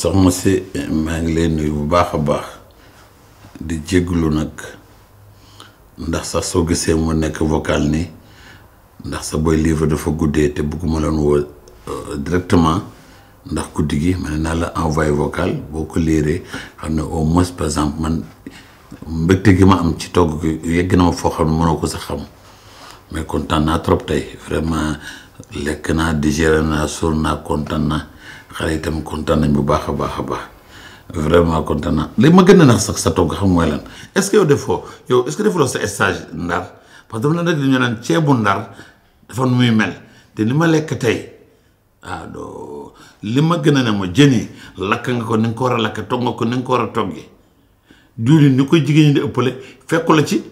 soxna si maa ngi lay nuyu bu baax a baax di jégalu nag ndax sax soo gisee mu nekk vocal ni ndax sa boy livre dafa guddee te bëgguma leen woo euh, directement ndax guddi gi ma ne naa la envoyé vocal boo ko liiree xam ne au moins par exemple man mbégte gi ma am ci togg gi yegg na ma foo xam ne mënoo ko sa xam mais kontaan naa trop tey vraiment lekk naa digéré naa suur naa kontaan naa. xale itam kontaan nañ bu baax a baax a baax vraiment kontaan naa li ma gën a nax sax sa togg xam mooy lan est-ce que yow defoo yow est-ce que defuloo sa stage ndar parce que dama la nekk ñu naan ceebu ndar dafa muy mel te li ma lekk tey ah doo li ma gën a ne ma jën yi lakk nga ko ni nga ko war a lakk togg nga ko ni nga ko war a toggee juuli ni koy jigéen ñi di ëppale fekku la ci.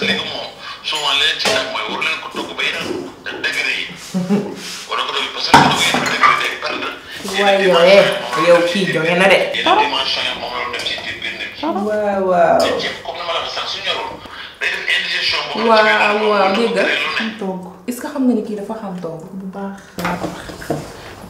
parce que léegi moom souvent leneen ci nag mooy waru leen ko togg ba yéen a degré yi. wala ko doon parce que togg yéen a degré day perdre. waaye yooyee yow kii joxe na de. yenn dimension yi moom la def ci biir biir nekk. waaw waaw te ceeb comme ni ma la waxee sànq su ñorul day def indigestion. boobu la ci biir waaw waaw dégg nga xam togg est-ce que xam nga ni kii dafa xam togg bu baax. waaw ba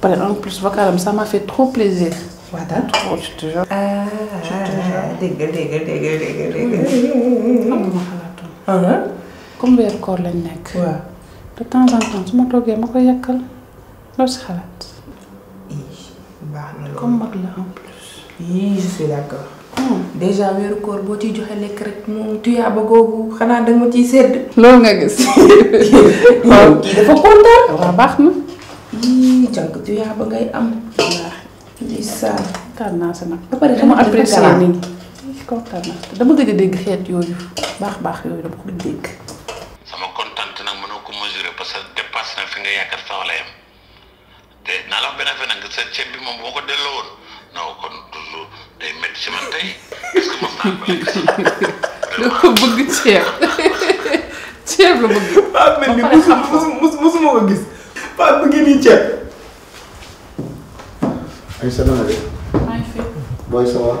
pare en plus vocalam ça m'a fait trop plaisir. waaw daal trop je te jure. ah dégg nga dégg nga dégg nga dégg nga. comme weeru koor lañ nekk. de temps en temps su ma toogee ma koy yàkkal loo si xalaat. comme mag la en plus. yii hmm. weeru koor boo ciy joxe lekk rek moom tuyaaba googu xanaa da ma ciy sedd. loolu nga gis. baax na. yii jànk tuyaaba ngay am. waaw. incha allah. kontaan naa si nag. ba pare dama nii. si kontaan naa dama gëj dégg xeet yooyu baax baax yooyu dama ko gëj dégg. sama kontaan nag mënoo ko mesurer parce que dépasse na fi nga yaakaar sax wala te naa la wax nag sa ceeb bi moom boo ko delloo woon non ko lekk si. da la bëgg. ba pare nii ceeb. ay sa nana de. maa ngi booy sa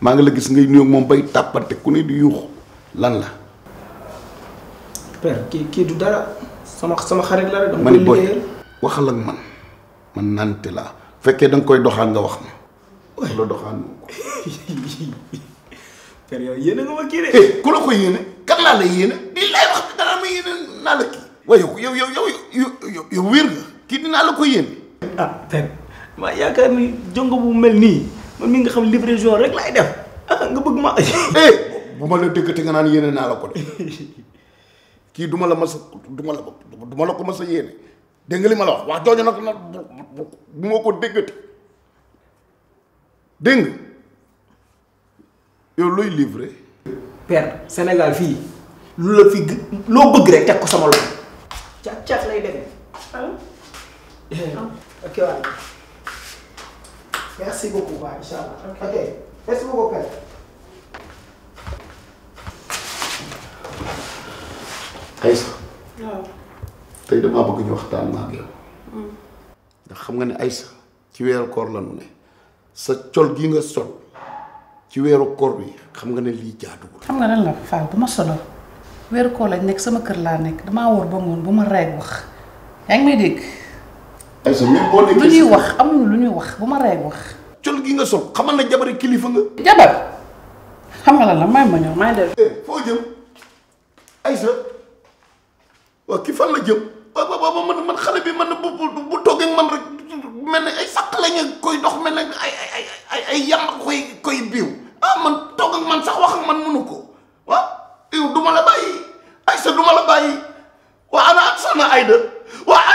maa ngi la gis ngay nuyoog moom bay tàppante ku ne di yuux lan la. père kii kii du dara sama sama xarit la rek. dama koy liggéeyal fekkee da koy doxaan nga wax ma. waaye la doxaan yow yéene nga ma kii de. Eh, la naa la kii. waaye yow yow yow yow yow wér nga kii dinaa la ko yéene. ah maa yaakaar ni jongo bu mel nii. man mi nga xam livraison rek laay def ah nga bëgg ma. Eh, bu ma la dëggate nga naan yéene naa la ko de kii duma la mas a du ma la du ma la ko mas a yéene dégg nga li ma la wax wax jooju nag nag bu ma ko déggate dégg yow looy livré. père Sénégal fii lu la fi loo bëgg rek teg ko sama loxo. caat caat lay demee. Ah. Eh, ok waaw. merci beaucoup tey damaa bëgg ñu waxtaan ma ak hmm. ndax xam nga ni Aïssa ci weeru koor la ñu ne sa col gi nga sol ci weeru koor bi xam nga ne lii jaaduwul. xam nga lan la Fall du ma solo weeru koor lañ nekk sama kër laa nekk damaa wóor ba ngoon bu ma rey wax yaa ngi may dégg. ayso même lu ñuy wax amuñu lu ñuy wax bu ma rey wax. col gi nga sol xamal na jabari kilifa nga. jabar xam nga lan la may ma ñëw may def. Eh, foo jëm ayso waaw ki fan la jëm waaw waaw man man xale bi man bu bu bu toogee man rek mel ne ay sàq lañu koy dox mel ne ay ay ay koy koy biiw ah man toog man sax wax man mënu ko waaw yow du ma la bàyyi ayso du ma la bàyyi waa ana ak soxna Aida waa.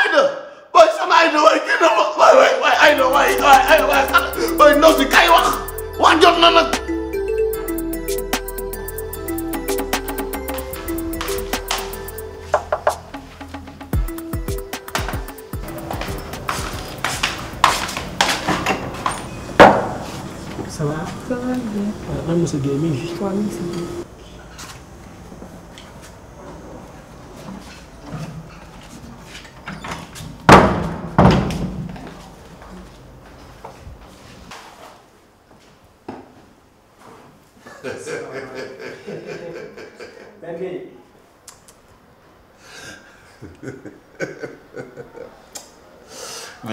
waay sama ay na waay kii na ma waay waay waay ay na waay waay ay waay ah waay ndaw si kay wax wax jot na nag. ça va. ça va bien. waaw man Moussa Gueye mi ngi fi. waaw mi ngi si biir.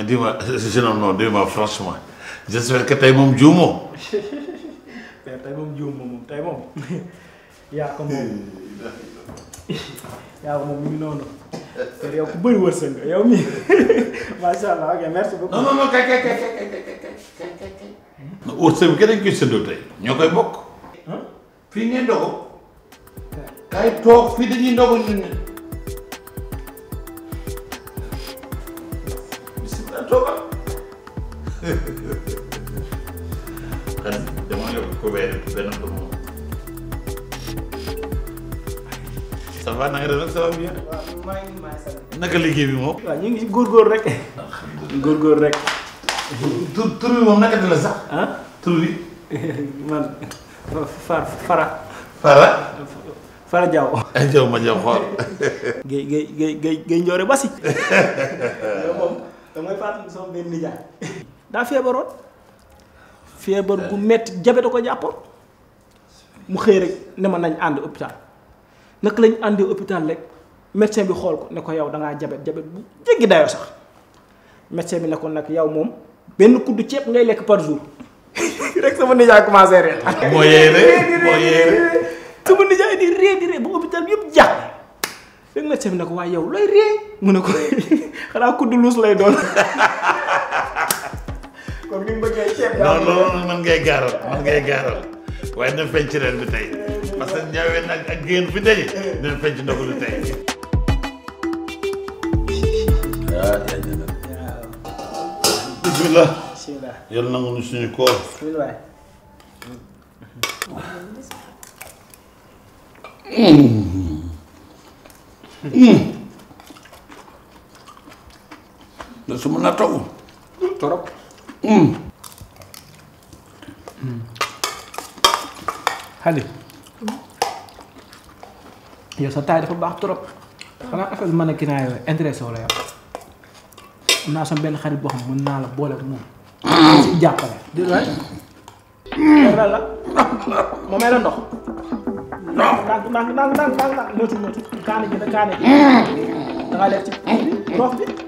dis-moi non non dis-moi franchement j'espère que tey moom juumoo. mais tey moom juumoo moom tey moom yaa ko moom yaa ko moom mu ngi noonu. te yow ku bëri wërsëg nga yow mii macha allah ok merci beaucoup. non non non kay kay kay kay kay kay. wërsëg bi kenn dañ koy séddoo tey ñoo koy bokk. fii ngeen dogo. kaay toog fii dañuy dogo ñun. nekk benn commune. ça va na nga def ça va bien. waaw maa ngi maa ngi sant. naka liggéey bi moom. waaw ñu ngi góorgóor rek. góorgóor rek. tur tur bi moom naka la sax. ah tur bi. man Fara Fara. Fara. Fara Diaw. ay Diaw ma Diaw xool. Guèye Guèye Guèye Guèye Guèye Ndiore Basi. yow moom damay fàttali sama benn nijaay. daa feebaroon. feebar gu metti jabe da ko jàppoon. mu xëy rek ne ma nañ ànd hôpital naka lañ àndee hôpital rek médecin bi xool ko ne ko yow da ngaa jabet jabet bu jéggi dayoo sax médecin bi ne ko nag yow moom benn kuddu ceeb ngay lekk par jour rek sama nijaay commencé ree ah, moo yéere moo di ree di ree ba hôpital bi yëpp jaaxle rek médecin bi ne ko waaye yow looy ree mu ne ko xanaa kuddu luus lay doon kon mu bëggee ceeb man ngay gaaral man ngay gaaral waaye na fecc ren bi tey parce que ñaawee nag ak génn fi daje dina fecc ndogalu tey yaa yaa jënd bismillah yàlla nangu nu suñu koor da su mën a togg trop mm. xadi yow sa taay dafa baax trop xanaa affaire mën a kinaay yooyu intéressé wu la yow am naa sama benn xarit boo xam mën naa la boole moom si jàppale la la moom la ndox ndànk ndànk ndànk ndànk ndànk moytu moytu kaani ji da kaani ji mm. da nga lekk ci roof bi